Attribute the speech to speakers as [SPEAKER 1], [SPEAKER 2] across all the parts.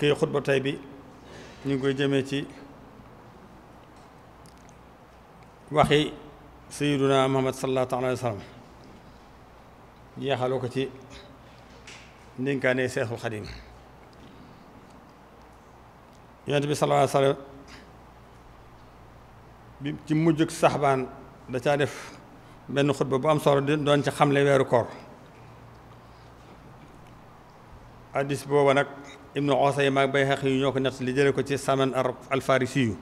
[SPEAKER 1] mbokk yi xutba tey bi ñu ngi koy jëmee ci waxi sayiduna muhammad sallallahu alayhi wa sallam ko ci ndénkaane seexul xadim yonent bi sallallahu alayhi wa bi ci mujjug saxbaan da caa def benn xutba bu am solo doon ci xamle weeru koor addis booba nag ibnu Usayma ak Bayhaqi yu ñoo ko nett li jële ko ci Saman al-Farisi yu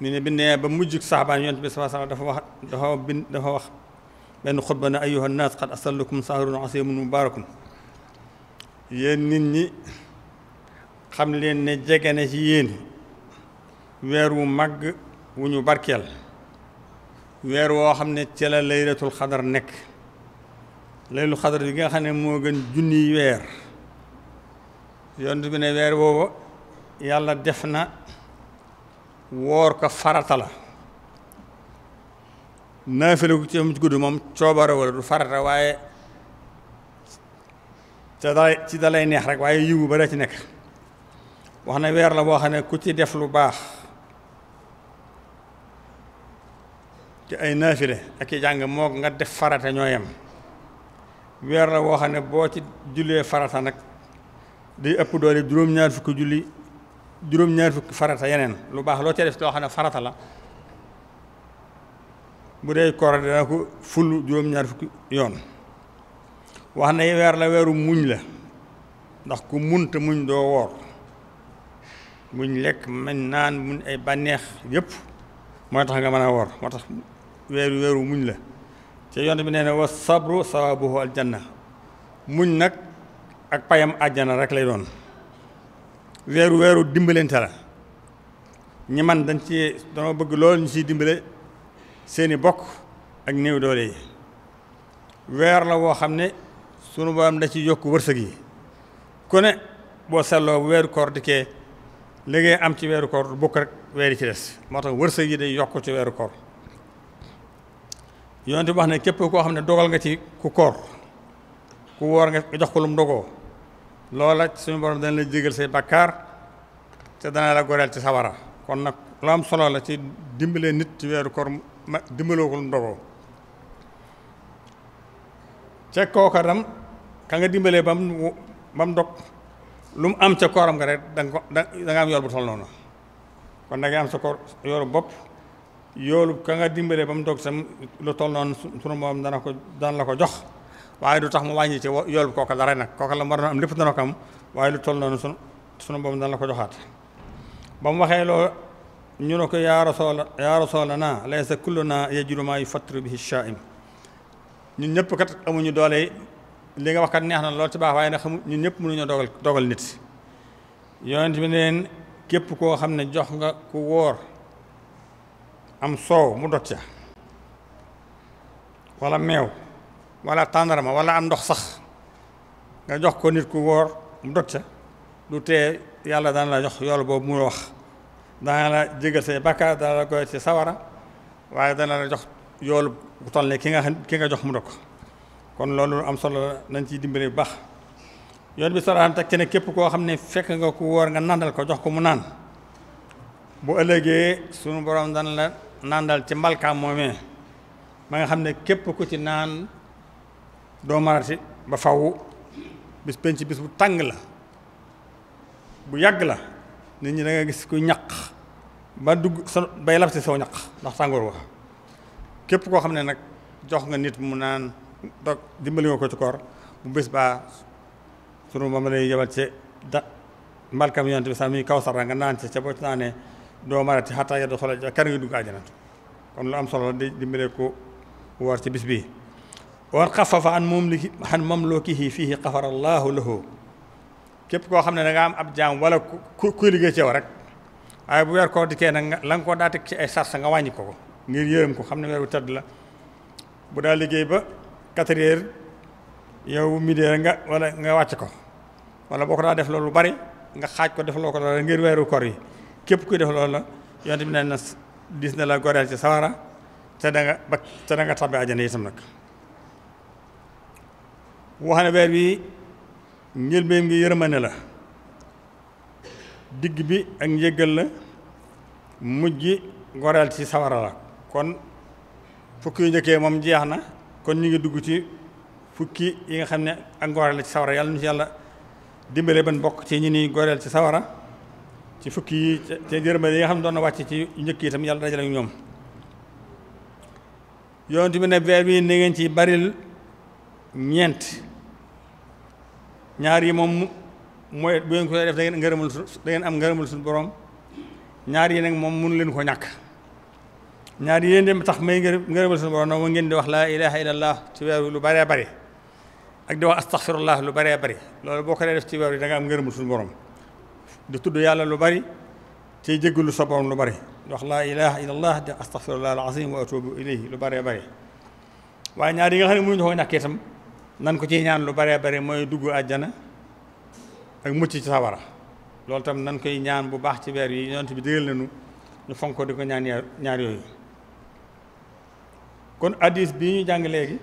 [SPEAKER 1] ñu ne bi ba mujjug saxabaan yonent bi sallallahu alayhi wa sallam dafa wax dafa bin dafa wax benn xutba ne ayyuha nnaas qad asallakum sahrun asiimun yéen nit ñi xam leen ne jegene na ci yéen weer wu màgg wu ñu barkeel weer woo xam ne cela la laylatul xadar nekk laylatul xadar bi nga xam ne moo gën junniy weer yont bi ne weer woowa yàlla def na woor ko farata la naafila gu ci am gudd moom coobare wala du farata waaye ca da ci dalay neex rek waaye yiwu ba da ci nekk wax ne weer la boo xam ne ku ci def lu baax ci ay naafile ak i jàng moo nga def farata ñoo yem weer la boo xam ne boo ci jullee farata nag di ëpp doole juróom-ñaar fukki julli juróom-ñaar fukki farata yeneen lu baax loo ca def loo xam ne farata la bu dee koor dana ko ful juróom-ñaar fukki yoon wax na weer la weeru muñ la ndax ku munta muñ doo woor muñ lekk muñ naan muñ ay bànneex yépp mooy tax nga mën a woor moo tax weeru weeru muñ la te yonte bi nee na wa sabru sawabuhu na muñ nag ak payam àjjana rek lay doon weeru weeru dimbalante la ñi man dañ ci dama bëgg loolu ñu ciy dimbale seeni bokk ak néew doole yi weer la woo xam ne sunu borom da ci yokk wërsëg yi ku ne boo selloo bu weeru koor dikkee liggéey am ci weeru koor bokk rek weer ci des moo tax wërsëg yi day yokk ci weeru koor yonent bi wax ne képp koo xam ne dogal nga ci ku koor ku woor nga jox ko lu mu dogoo loola suñu borom dana la jégal say bakkaar te dana la goreel ci sawara kon nag lu am solo la ci dimbalee nit ci weeru koor ma dimbaloo ko lu ndogoo ca kooka ka nga dimbalee ba mu ba mu dog lu mu am ca kooram nga rek da ko da am yool noonu kon da ngay am sa koor yoolu bopp yoolu ka nga dimbalee ba mu dog sam lu tol noonu sunu moom dana ko dana la ko jox waaye du tax mu wàññi ci yool kooka dara nag kooka la war na am lépp dana ko am waaye lu toll noonu sunu sunu boobu dana la ko joxaat ba mu waxee loo ñu ne ko la rasoola yaa rasoola naa laysa kulluna yajidu maa yufattiru bihi shaa'im ñun ñëpp kat amuñu doole li nga wax kat neex na lool ci baax waaye nag xamu ñun ñëpp mënuñoo dogal dogal nit yonent bi neen képp koo xam ne jox nga ku wóor am soow mu dot ca wala meew wala tàndarma wala am ndox sax nga jox ko nit ku woor mu dog ca du tee yàlla dana la jox yool boobu mu wax dana la jégal say bàkkaar dana la koy ci sawara waaye dana la jox yoolu bu toll ne ki nga xam ki nga jox mu dog kon loolu am solo nañ ciy dimbale bu baax yoon bi saraxam teg ci képp koo xam ne fekk nga ku wóor nga nàndal ko jox ko mu naan bu ëllëgee sunu borom dana la nàndal ci mbalkaam moomee ma nga xam ne képp ku ci naan doo marati ba faw bis penc bis bu tàng la bu yàgg la nit ñi da nga gis ku ñaq ba dugg sa bay labti soo ñaq ndax tàngoor wax képp koo xam ne nag jox nga nit mu naan dog dimbali nga ko ci koor bu bés baa sunu moom lay yebal ci da mbalkam yonent bi sax mi kaw sara nga naan ci ca boo ci naanee doo marati xataa yeddu solo kar nga dugg àjjana kon lu am solo la di dimbale ko woor ci bis bii war xafafa an moom li xan mamlukihi fiihi xafara llaahu lahu képp koo xam ne danga am ab jaam wala ku kuy liggéey ci rek waaye bu weer koo dikkee nag la nga ko daa teg ci ay sarsa nga wàññi ko ko ngir yërëm ko xam ne weer wu tëdd la bu daa liggéey ba quatre heures yow midi nga walla nga wàcc ko wala boo ko daa def loolu bari nga xaaj ko def loo ko dara ngir weeru kor yi képp kuy def loolu la yonte bi ne na dis na la goreel ci sawara te ba te da nga tabbi ajana wax ne weer wi njëlbéen ngi yërmande la digg bi ak njëggal la mujj goreel ci sawara la kon fukki yu njëkkee moom jeex na kon ñu ngi dugg ci fukki yi nga xam ne ak goreel la ci sawara yàlla nu ci yàlla dimbale ban bokk ci ñu ni goreel ci sawara ci fukki yi te yërmande yi nga xam ne doon na wàcc ci njëkk yi tam yàlla dajale ak ñoom yonent bi ne weer wi na ngeen ci baril ñeent ñaar yi moom mooy bu ngeen ko def da ngërëmal su da am ngërëmal suñu borom ñaar yi nag moom mënu leen ko ñàkk ñaar yi dem tax may ngërëmal suñu borom nag moo ngeen di wax laa ilaha illallah ci weer wi lu bëree bëri ak di wax astaghfirullah lu bëree bëri loolu boo ko ci weer wi da nga am ngërëmal suñu borom di tudd yàlla lu bëri ci jéggalu sa borom lu bëri di wax laa ilaha illallah di astaghfirullah al azim wa atubu lu bëree bëri waaye ñaar yi nga xam ne mënuñu ko ñàkkee itam nan ko ciy ñaan lu baree bare mooy dugg àjjana ak mucc ci sawara loolu tam nan koy ñaan bu baax ci weer yi yonent bi digal nañu ñu fonk ko di ko ñaan ñaar yooyu kon hadis bi ñu jàng léegi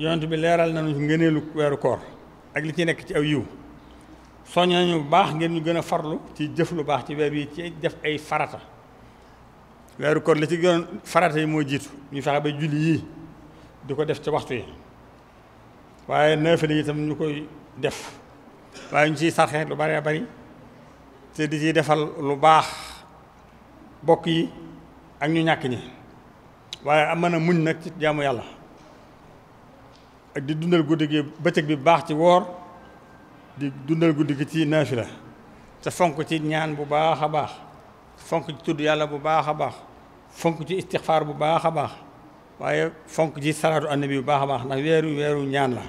[SPEAKER 1] yonent bi leeral nañu ngëneelu weeru koor ak li ci nekk ci aw yiw soññ nañu baax ngeen ñu gën a farlu ci jëf lu baax ci weer yi ci def ay farata weeru koor li ci gën farata yi moo jiitu ñu fexe ba julli yii di ko def ci waxtu yi waaye naafila tam ñu koy def waaye ñu ciy sarxe lu bëree bari te di ciy defal lu baax bokk yi ak ñu ñàkk ñi waaye am mën a muñ nag ci jaamu yàlla ak di dundal guddi gi bëccëg bi baax ci woor di dundal guddi gi ci naafila te fonk ci ñaan bu baax a baax fonk ci tudd yàlla bu baax a baax fonk ci istixfaar bu baax a baax waaye fonk ji salaatu annabi bu baax a baax ndax weeru weeru ñaan la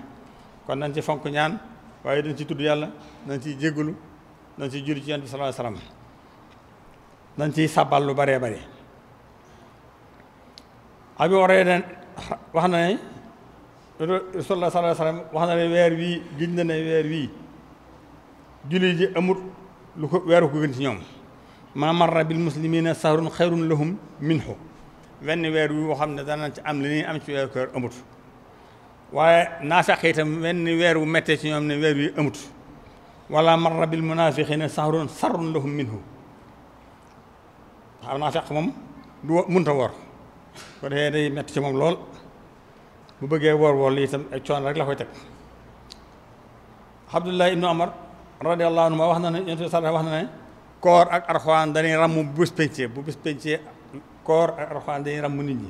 [SPEAKER 1] kon nañ ci fonk ñaan waaye dañ ci tudd yàlla nañ ci jéggulu nañ ciy julli ci yonent bi sallallaahu alayhi wa ciy sàbbal lu baree bare abi Hurayra wax na ne Rasulullah sallallaahu alayhi wax na ne weer wii giñ na weer wii julli ji amut lu ko weeru ko gën ci ñoom maa marra bil muslimina sahrun xayrun lahum minhu wenn weer wi woo xam ne danañ ci am li ñuy am ci weeru koor amut waaye naafeq itam wenn weer wu méttee ci ñoom ne weer wi amut wala marra bil munafiqina sahrun sarrun lahum minhu naa naafeq moom du munta woor ko defee day métti ci moom lool bu bëggee woor woor li itam ak coon rek la koy teg Abdullah ibnu Omar radiallahu anhu ma wax na ne yonent bi wax na ne koor ak arxuwaan dañuy ràmm bu bis pencee bu bis pencee koor ak alxuraan dañuy ràmm nit ñi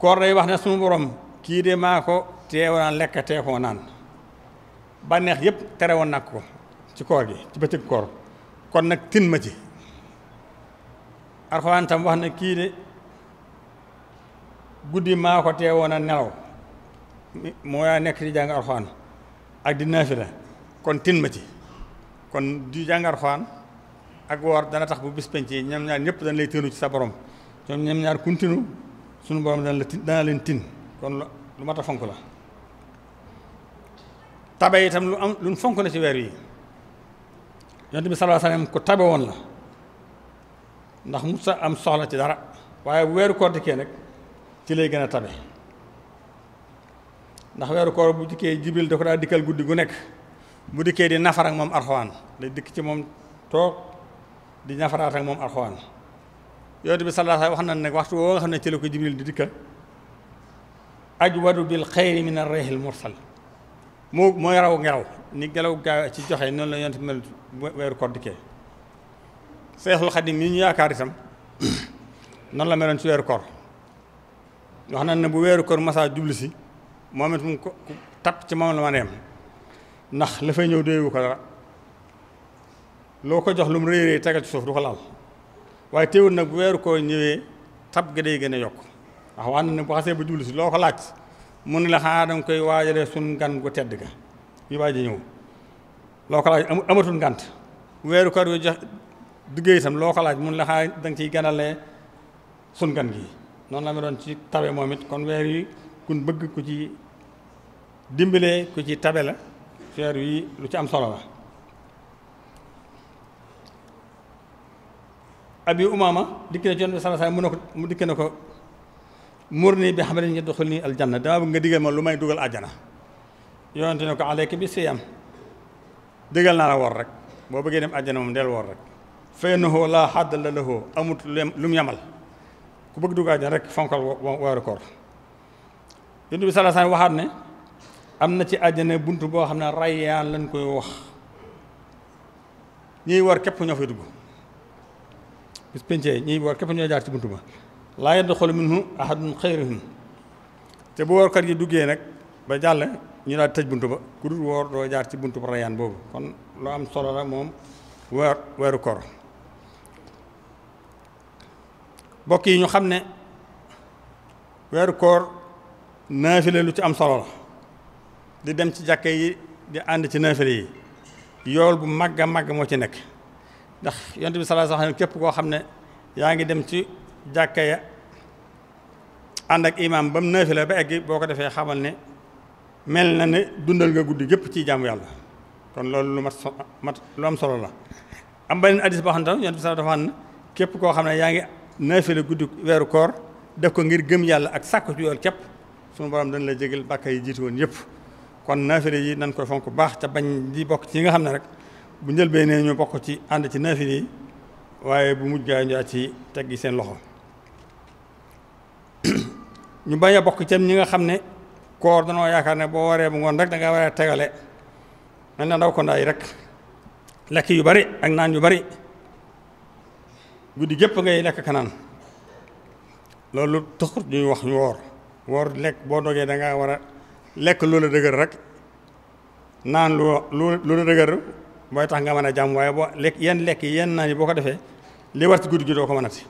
[SPEAKER 1] koor day wax ne suma borom kii de maa ko teewanaan lekk teekoo naan bànneex yëpp tere woon nag ko ci koor gi ci bëccëg koor kon nag tin ma ci alxuraan tam wax ne kii de guddi maa ko teewoon a nelaw moo yaa nekk di jàng alxuraan ak di naafila kon tin ma ci kon di jàng alxuraan ak woor dana tax bu bis penc yi ñoom ñaar ñëpp dana lay tënu ci sa borom ñoom ñoom ñaar kuntinu suñu borom dana la tin dana leen tin kon lu mat a fonk la tabe tam lu am lu fonk la ci weer yi yonent bi sallallahu alayhi ko tabe woon la ndax mu sa am soxla ci dara waaye weeru koor dikkee nag ci lay gën a tabe ndax weeru koor bu dikkee jibril da ko daa dikkal guddi gu nekk bu dikkee di nafar moom arxawaan lay dikk ci moom toog di nafaraat ak moom alxuraan yonent bi sallallahu alayhi wax na ne waxtu woo nga xam ne ci la ko jibril di dikkal ajwadu bil xayri min ar-rihil mursal moo mooy raw ngelaw ni ngelaw gaa ci joxe noonu la yonent yaakaar itam noonu la meloon ci weeru koor wax na ne bu weeru koor masaa jubli si moom it mu ko tap ci moom la ma neem ndax la fay ñëw doyewu ko dara loo ko jox lu mu réy réy tegal ci suuf du ko laal waaye teewul nag bu weeru koo ñëwee tab ga day gën a yokk wax waan ne bu xasee ba jublu si loo ko laaj mu ne la xanaa danga koy waajalee sun gan gu tedd ga ñu waaj ñëw loo ko laaj amatul ngant weeru koor yu jox duggee itam loo ko laaj mun la danga da nga ciy ganalee sun gan gi noonu la ma doon ci tabe moom it kon weer yi kun bëgg ku ci dimbalee ku ci tabe la weer yi lu ci am solo la abi umaama dikk na ci yonent bi sallallahu alayhi wasallam mu ne ko dikk na ko mur nii bi xam ne yadxul nii aljanna dama bëgg nga digal ma lu may dugal àjjana yonent ne ko alayka bi rek boo bëggee dem àjjana moom del woor rek fayannahu laa xadda la lahu amut lu mu yamal ku bëgg dugg rek fonkal weeru koor bi sallallahu alayhi waxaat ne am na ci àjjana bunt boo xam ne rayyaan lañ koy wax ñiy war képp ñoo fay dugg bis pencee ñiy woor képp ñoo jaar ci buntu ba laa yadxulu minhu ahadun xayruhum te bu woorkat yi duggee nag ba jàll ñu daal tëj bunt ba ku dul woor doo jaar ci bunt ba rayaan boobu kon lu am solo la moom weer weeru koor mbokk yi ñu xam ne weeru koor naafile lu ci am solo la di dem ci jàkke yi di ànd ci naafile yi yool bu màgg a màgg moo ci nekk ndax yonent bi sallallahu alayhi wasallam képp koo xam ne yaa ngi dem ci jàkka ya ànd ak imaam ba mu naafila ba egg boo ko defee xamal ne mel na ne dundal nga guddi gépp ci jaamu yàlla kon loolu lu mat mat solo la am beneen hadiis boo xam ne tam yonent bi sallallahu dafa xam ne képp koo xam ne yaa ngi naafila guddi weeru koor def ko ngir gëm yàlla ak sàkku ci yool képp suñu borom la jégal bàkka yi jiit woon yëpp kon naafila yi nañ koy fonk baax ca bañ di bokk ci yi nga xam ne rek bu njëlbee nee ñu bokk ci ànd ci naafil waaye bu mujj gaay ñu ci teggi seen loxo ñu bañ a bokk ci ñi nga xam ne koor danoo yaakaar ne boo waree bu ngoon rek da nga war a tegale mel na ndaw ko ndaay rek lekk yu bari ak naan yu bari guddi gépp ngay lekk kanaan loolu taxut ñuy wax ñu woor woor boo dogee da war a lekk loola dëgër rek naan lu la dëgër booy tax nga mën a jàmm waaye boo lekk yenn lekk yi yenn naan yi boo ko defee li war ci guddi gi doo ko mënati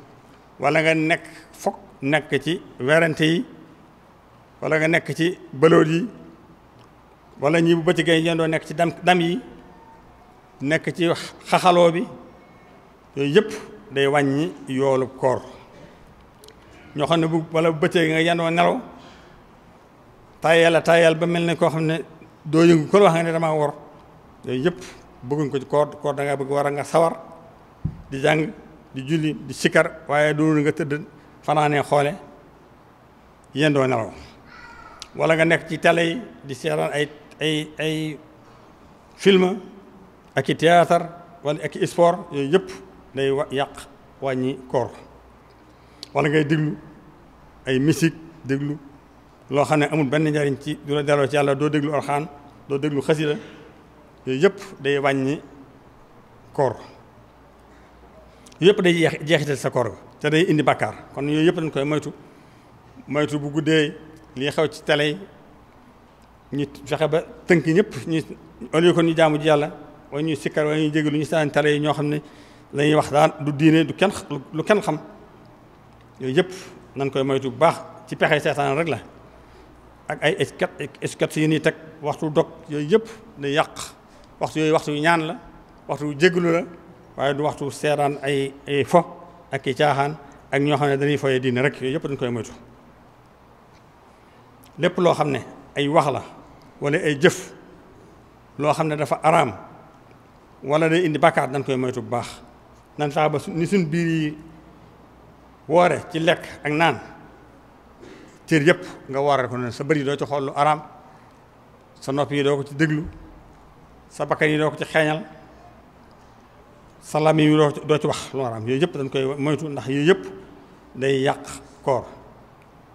[SPEAKER 1] walla nga nekk foog nekk ci werante yi wala nga nekk ci bëloot yi wala ñi bu bëccëgee ñeen doo nekk ci dam dam yi nekk ci xaxaloo bi yooyu yëpp day wàññi yoolu koor ñoo xam ne bu wala bu nga yendoo nelaw tayal a tayal ba mel ne koo xam ne doo yëngu kon wax nga ne damaa wor yooyu yëpp bëgguñ ko ci koor koor da bëgg war a nga sawar di jàng di julli di sikar waaye doonu nga tëdd fanaanee xoole yéen doo nelaw wala nga nekk ci télé yi di seetaan ay ay ay film ak i théâtre wala ak i sport yooyu yëpp day yàq wàññi koor wala ngay déglu ay musique déglu loo xam ne amul benn njariñ ci du la delloo ci yàlla doo déglu alxaan doo déglu xasida yooyu yëpp day wàññi koor yëpp day jeex jeexital sa koor ga te day indi bàkkaar kon yooyu yëpp dañ koy moytu moytu bu guddee li xew ci tele yi ñu fexe ba tënk ñëpp ñu au lieu que ñu jaamu ji yàlla wala ñuy sikkar wala ñuy jéggi lu ñu saan tele yi ñoo xam ne lañuy wax daan du diine du kenn lu kenn xam yooyu yëpp nañ koy moytu bu baax ci pexe seetaan rek la ak ay eskat eskat yi ñuy teg waxtu dog yooyu yëpp day yàq waxtu yooyu waxtu ñaan la waxtu jéglu la waaye du waxtu seeraan ay ay fo ak i caaxaan ak ñoo xam ne dañuy foyee diine rek yooyu yëpp dañ koy moytu lépp loo xam ne ay wax la wala ay jëf loo xam ne dafa araam wala day indi bàkkaar dañ koy moytu bu baax nan tax ba ni suñ biir yi woore ci lekk ak naan cër yëpp nga woore ko noonu sa bëri doo ci xool lu araam sa nopp yi doo ko ci déglu sa bakkan yi doo ko ci xeeñal sa làmmiñ yi doo ci wax lu araam yooyu yëpp dañ koy moytu ndax yooyu yëpp day yàq koor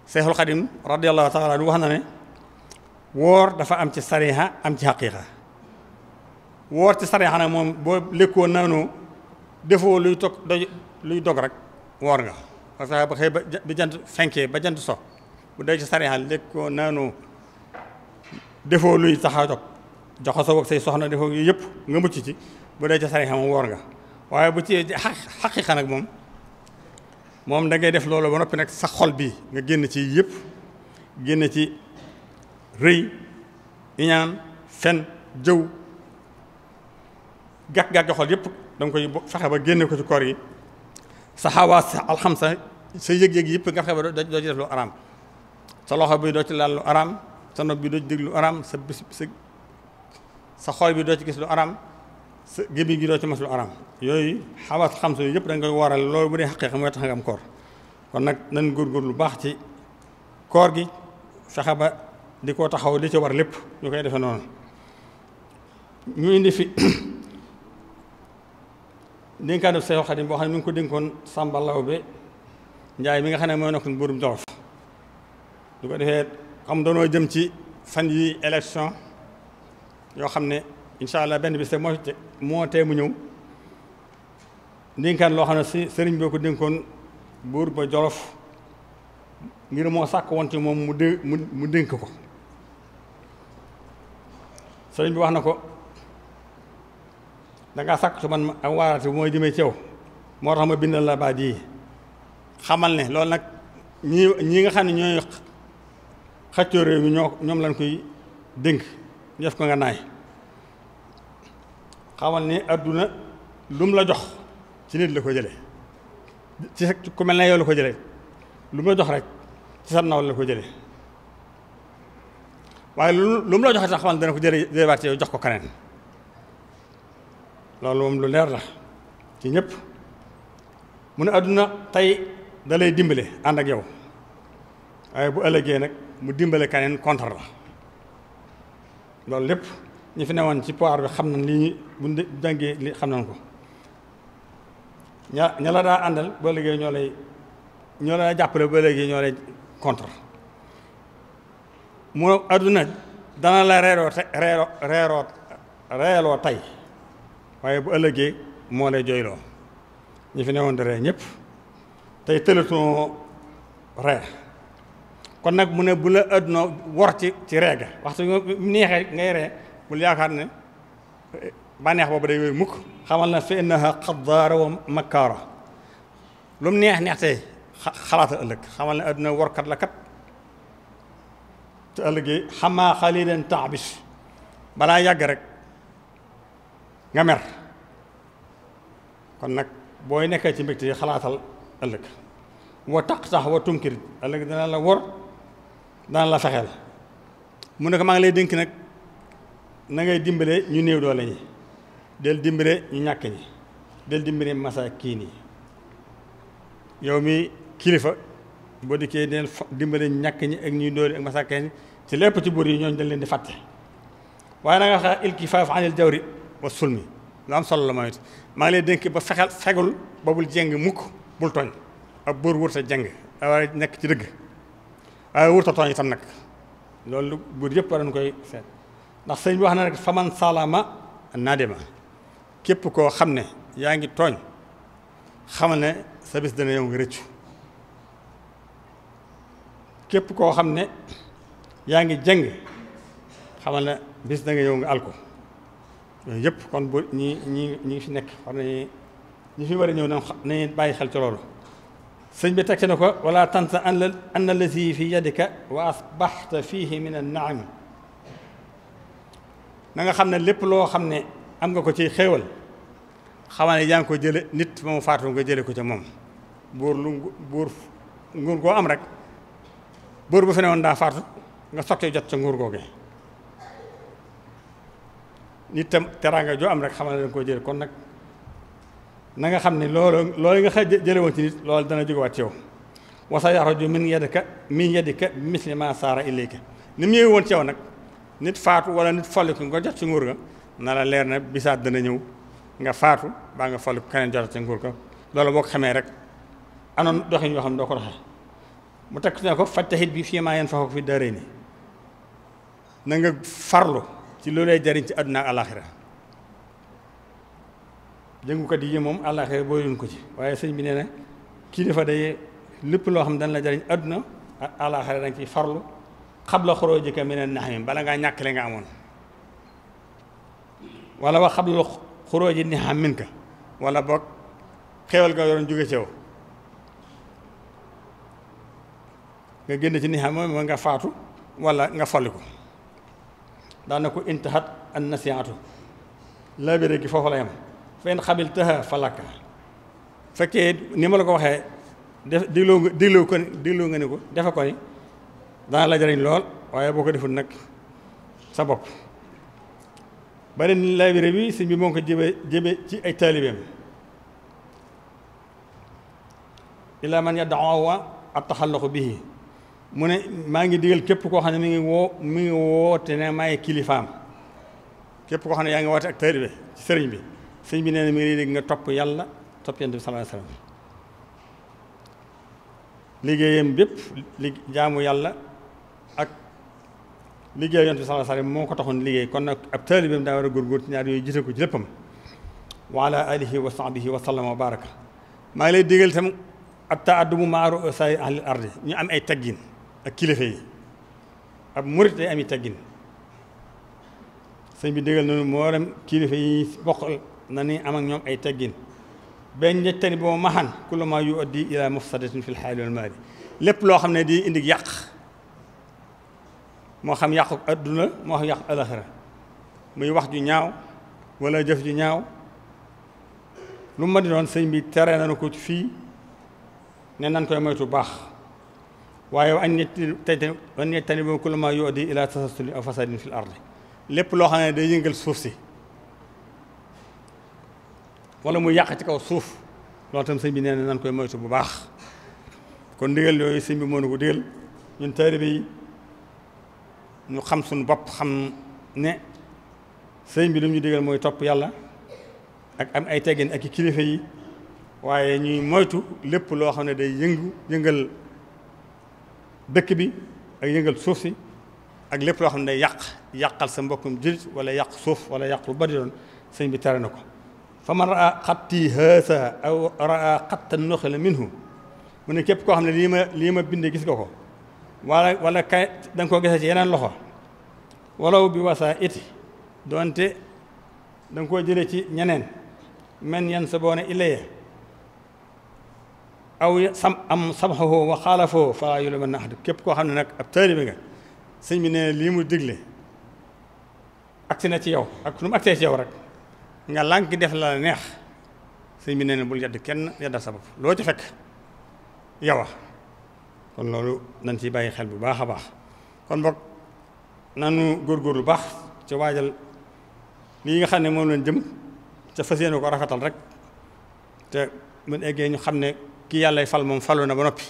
[SPEAKER 1] seexul xadim radiyallahu taala anhu wax na ne woor dafa am ci sariha am ci xaqiiqa woor ci sariha nag moom boo lekkoo naanoo defoo luy tog doj luy dog rek woor nga parce que ba xëy ba jant fenkee ba jant so bu dee ci sariha lekkoo naanoo defoo luy taxa dog jox sa ak say soxna defoo yii yëpp nga mucc ci bu dee ca sarixa moom woor nga waaye bu ci xaqiqa nag moom moom dangay def loolu ba noppi nag sa xol bi nga génn ci yëpp génn ci rëy iñaan fen jëw gàkk-gàkk xol yëpp da nga koy fexe ba génne ko ci koor yi sa xawaas alxamsa sa yëg-yëg yëpp nga fexe ba doo ci def lu araam sa loxo bi doo ci laal lu araam sa nopp bi doo ci déglu araam sa bis sa xol bi doo ci gis lu araam sa gémmiñ gi doo ci mas lu araam yooyu xawaas xam su yëpp dañ waral loolu bu dee xaqee xam nga tax nga am koor kon nag góor góor lu baax ci koor gi fexe ba di ko taxaw li ci war lépp ñu koy defee noonu ñu indi fi kaa def sa Xaadim boo xam ne mi ngi ko dénkoon Sàmba Lawbe Njaay mi nga xam ne mooy nekkoon buurum Jolof du ko defee xam danoo jëm ci fan yi élection ñoo xam ne incha allah benn bi te moo moo tee mu ñëw dinkaan loo xam ne si sëriñ boo ko dénkoon buur ba jolof ngir moo sàkk woon moom mu dé mu dénk ko sëriñ bi wax na ko dangaa sàkk su man ak waarate mooy jëmee ci moo tax ma bindal la baat yi xamal ne loolu nag ñi ñi nga xam ne ñooy xaccoo réew mi ñoo ñoom lañ koy dénk def ko nga naay xamal ni àdduna lum la jox ci nit la ko jële ci ku mel ne yow la ko jële lu mu la jox rek ci sa naw la ko jële waaye lu lum la joxe tax xamal dana ko jële jëlewaat yow jox ko keneen loolu moom lu leer la ci ñëpp mu ne àdduna tey da lay dimbale ànd ak yow waaye bu ëllëgee nag mu dimbale keneen contre la loolu lépp ñi fi newoon ci pouvoir bi xam nañ lii buñ jàngee li xam nañ ko ña ña la daa àndal ba léegi ñoo lay ñoo la jàppale ba léegi ñoo lay contre mu àdduna dana la reeroo te reeroo reeroo tey waaye bu ëllëgee moo lay jooyloo ñi fi newoon di ree ñëpp tey tëlatoo ree kon nag mu ne bu la àdduna wor ci ci ree ga neexee ngay ree bul yaakaar ne eh, bànneex boobu day wéy mukk xamal na fa innaha xaddaara wa makkaara lu mu neex neex tey xalaata ëllëg xamal ne àdduna workat la kat te ëllëg yi xamaa xalilan taabis balaa yàgg rek nga mer kon nag booy nekkee ci mbégte yi xalaatal ëllëg wa taqtax wa tunkir ëllëg dina la wor daan la fexeel mu ne ko maa lay dénk nag na ngay dimbale ñu néew doole ñi del dimbale ñu ñàkk ñi del dimbale masaakiin yi yow mi kilifa boo dikkee deel dimbale ñàkk ñi ak ñuy doole ak masaakiin yi ci lépp ci buur yi ñooñu dañ leen di fàtte waaye na nga xa ilkifaaf anil jawri wa sulmi lu am solo la mooy it lay dénk ba fexeel fegul ba bul jeng mukk bul tooñ ab buur wër sa jeng war nekk ci dëgg waaye wurta tooñ itam nag loolu góor yëpp war koy seet ndax sëñ bi wax na rek faman salama nadima képp koo xam ne yaa ngi tooñ xamal ne sa bis dana yow ngi rëccu képp koo xam ne yaa ngi jëng xamal ne bis da nga yow nga alko yooyu yëpp kon bu ñi ñi ñi ngi fi nekk war nañu ñi fi war a ñëw nañu bàyyi xel ci loolu sëñ bi teg na ko wala tansa an allazi fi yadika wa asbaxta fihi min annaami na nga xam ne lépp loo xam ne am nga ko ci xéewal xamaa ne yaa ngi ko jële nit ba mu faatu nga jële ko ca moom buur lu buur nguur goo am rek buur bu fi ne daa faatu nga sokkee jot ca nguur googee nit tam teraanga joo am rek xamal ne danga ko jële kon nag na nga xam ni loolu loolu nga xa jële woon ci nit loolu dana jógewaat ci yow wa sa yaxruju min yadika min yadika misli ma saara ilayka ni mu ñëwee woon ci yow nag nit faatu wala nit folliku nga jot ci nguur ga na la leer na bisaat dana ñëw nga faatu baa nga folliku keneen jot ci nguur ga loolu boo ko xamee rek anoon doxin yoo xam ne doo ko doxee mu tekk ne ko fattahit bi fii maa yéen ko fi daree ni na nga farlu ci loolu lay jariñ ci àdduna ak jëngukat yi moom àllaaxira booy luñ ko ci waaye sëñ bi nee na kilifa day lépp loo xam ne dañ la jariñ àdduna ak àllaaxira dañ ciy farlu xabla xoroo jëkka mi ne nax bala ngaa ñàkk li nga amoon wala wax xabla xoroo ji nexam min ka wala nga yoroon jóge ci nga génn ci nexam moom nga faatu wala nga folliku daana ko intahat an nasiatu laabire gi foofu la yem fen xabil tëxa falaka fekkee ni ma la ko waxee def digloo nga digloo ko digloo nga ni ko defe ko ni dana la jariñ lool waaye boo ko deful nag sa bopp beneen laabire bi sëñ bi moo ko jëbe jëbe ci ay taalibeem illaa man yad'awa at-taxalluq bihi mu ne maa ngi digal képp koo xam ne mu ngi woo mi ngi woote ne maay kilifaam képp koo xam ne yaa ngi woote ak taalibe sëriñ bi sëñ bi nee na mi ngi nga topp yàlla topp yonent bi sallallahu liggéeyam bépp li jaamu yàlla ak liggéey yonent bi sallallahu moo ko taxoon liggéey kon nag ab taalibeem daa war a góorgóor ci ñaar yooyu jiite ko ci léppam wa ala alihi wa sahbihi wa sallam wa baraka maa lay digal itam ab taaddumu maaru say ahlil ardi ñu am ay teggin ak kilifa yi ab murit day am i teggin sëñ bi digal nañu moo rem kilifa yi bokkal na ni am ak ñoom ay teggin benn njëttani boo maxan kullu ma yu addi ila mufsadatin fil xaali wal maali lépp loo xam ne di indi yàq moo xam yàqu àdduna moo xam yàqu alaxira muy wax ju ñaaw wala jëf ju ñaaw lu ma di doon sëñ bi tere nañu ko fii ne nan koy moytu baax waaye añ ñettani añ ñettani boo kullu ma yu addi ila tasassuli aw fasadin fil ardi lépp loo xam ne day yëngal suuf si wala mu yàq ci kaw suuf loolu tam sëñ bi nee na nan koy moytu bu baax kon ndigal yooyu sëñ bi moo nu ko digal ñun taalibe yi ñu xam suñu bopp xam ne sëñ bi lu ñu digal mooy topp yàlla ak am ay teggin ak i kilifa yi waaye ñuy moytu lépp loo xam ne day yëngu yëngal dëkk bi ak yëngal suuf si ak lépp loo xam ne day yàq yàqal sa mbokkum jullit wala yàq suuf wala yàq lu bari doon sëñ bi tere na ko fa man raa xatti haasa aw raa xatta noxila minhu mu ne képp koo xam ne lii ma lii ma bindee gis nga ko wala wala kay da koo gisee ci yeneen loxo walaw bi wasaa iti doonte da koo jële ci ñeneen men yan sa boone illaye aw sam am samxahoo wa xaalafoo fala yulu man na ahad képp koo xam ne nag ab taalibe nga sëñ bi nee lii mu digle agsi na ci yow ak nu mu agsee ci yow rek nga lànk def la neex sëñ bi nee na bul yedd kenn yeddal sa bopp loo ci fekk yow kon loolu nañ ciy bàyyi xel bu baax a baax kon boog nanu góorgóorlu baax ci waajal lii nga xam ne moom lañ jëm ca fas yéene ko rafetal rek te mun eggee ñu xam ne ki yàllay fal moom falu na ba noppi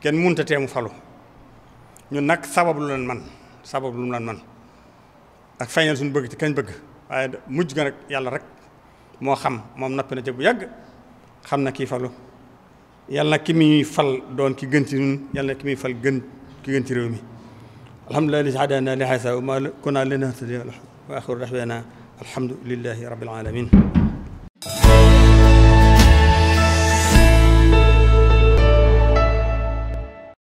[SPEAKER 1] kenn munta teemu falu ñun nag sabab lu leen man sabab lu mu leen man ak feeñal suñu bëgg ci kañ bëgg waaye mujj ga nag yàlla rek moo xam moom noppi na ca bu yàgg xam na kii falu yalla na ki muy fal doon ki gën ci ñun yàlla na fal gën ki gën ci réew mi alhamdulilah li hadana li hasa wa ma kunna linahtadiya wa axiru da'wana alhamdulilahi rabbil alamin